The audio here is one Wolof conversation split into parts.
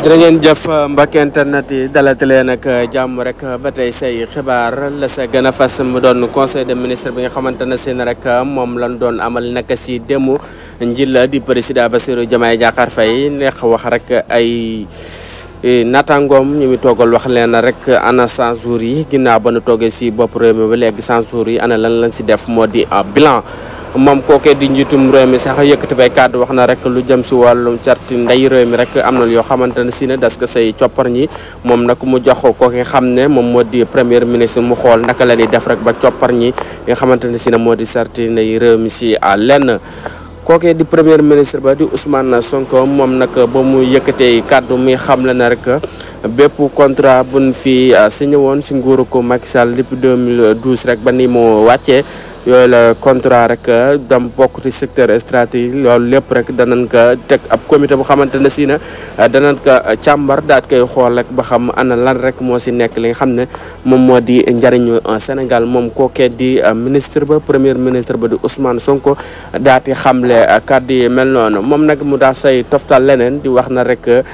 jërë ngeen jëf mbokk internet yi dalati leen ak jàmm rek ba tey say xibaar la sa gën a fas mu doon conseil de ministre bi nga xamante ne seen rek moom lañ doon amal naka si démb njil la di président Bassirou Diomaye Diakhar fay neex wax rek ay e, naataangoom ñu ngi toogal wax leen rek ana 100 jours yi ginnaaw ba nu toogee si bopp réew ba léegi 100 jours yi ana lan lañ si def moo di ah, bilan. moom kookee di njiitum réew mi sax yëkkati bay kàddu wax na rek lu jëm si wàllum carti ndey réew mi rek am na yoo xamante ne si ne das ko say coppar ñi moom nag mu jox ko nga xam ne moom moo di premier ministre mu xool naka la ñuy def rek ba coppar ñi nga xamante ne si ne moo di carti ndey réew mi si à lenn kookee di premier ministre ba di Ousmane Sonko moom nag ba mu yëkkatee kàddu mi xam la na rek bépp contrat bun fi euh, signé woon si nguuru ko Macky Sall depuis 2012 rek ba ni mu wàccee yooyu la contrat rek euh, dam bokk ci secteur stratégique loolu lépp rek danañ ko teg ab comité bu xamante ne si na euh, danañ ko euh, càmbar daat koy xool rek ba xam ana lan rek moo si nekk li nga xam ne moom moo di njariñu Sénégal moom kookee di ministre ba premier ministre ba di Ousmane Sonko daati xamle kàddu yi mel noonu moom nag mu daa say toftal leneen di wax na rek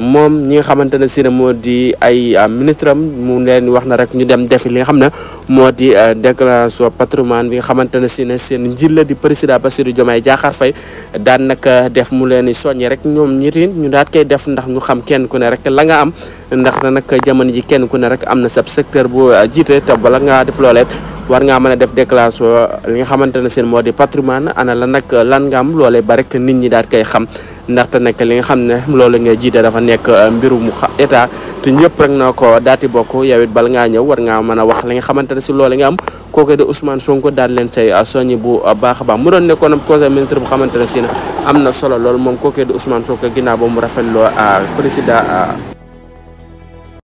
moom ñi nga xamante ne si moo di ay ministre am mu leen wax na rek ñu dem defi li nga xam ne moo di déclaration patrimoine Ousmane bi nga xamante ne si ne seen njiit la di président Bassirou Diomaye Diakhar Faye daan naka eh, def mu leen di soññi rek ñoom ñitin ñu daat koy def ndax ñu xam kenn ku ne rek la nga am ndax na nag jamono ji kenn ku ne rek am na sab secteur bu eh, jiite te bala ngaa def looleet war nga mëna def déclaration eh, li nga xamantene seen modi patrimoine ana la nak lan nga am lolé ba rek nit ñi daat kay xam ndaxte nak li nga xamne lolé nga jité dafa nek mbirum état te ñëpp rek na ko daati bokk yow it bala ngaa ñëw war ngaa mën a wax li nga xamante ne si loolu nga am kooku de Ousmane Sonko daal leen say ah, soññi bu baax a baax mu doon nekkoon conseil ministre bu xamante ne si ne am na solo loolu moom kooku de Ousmane Sonko ginnaaw ba mu rafetloo ah, président ah,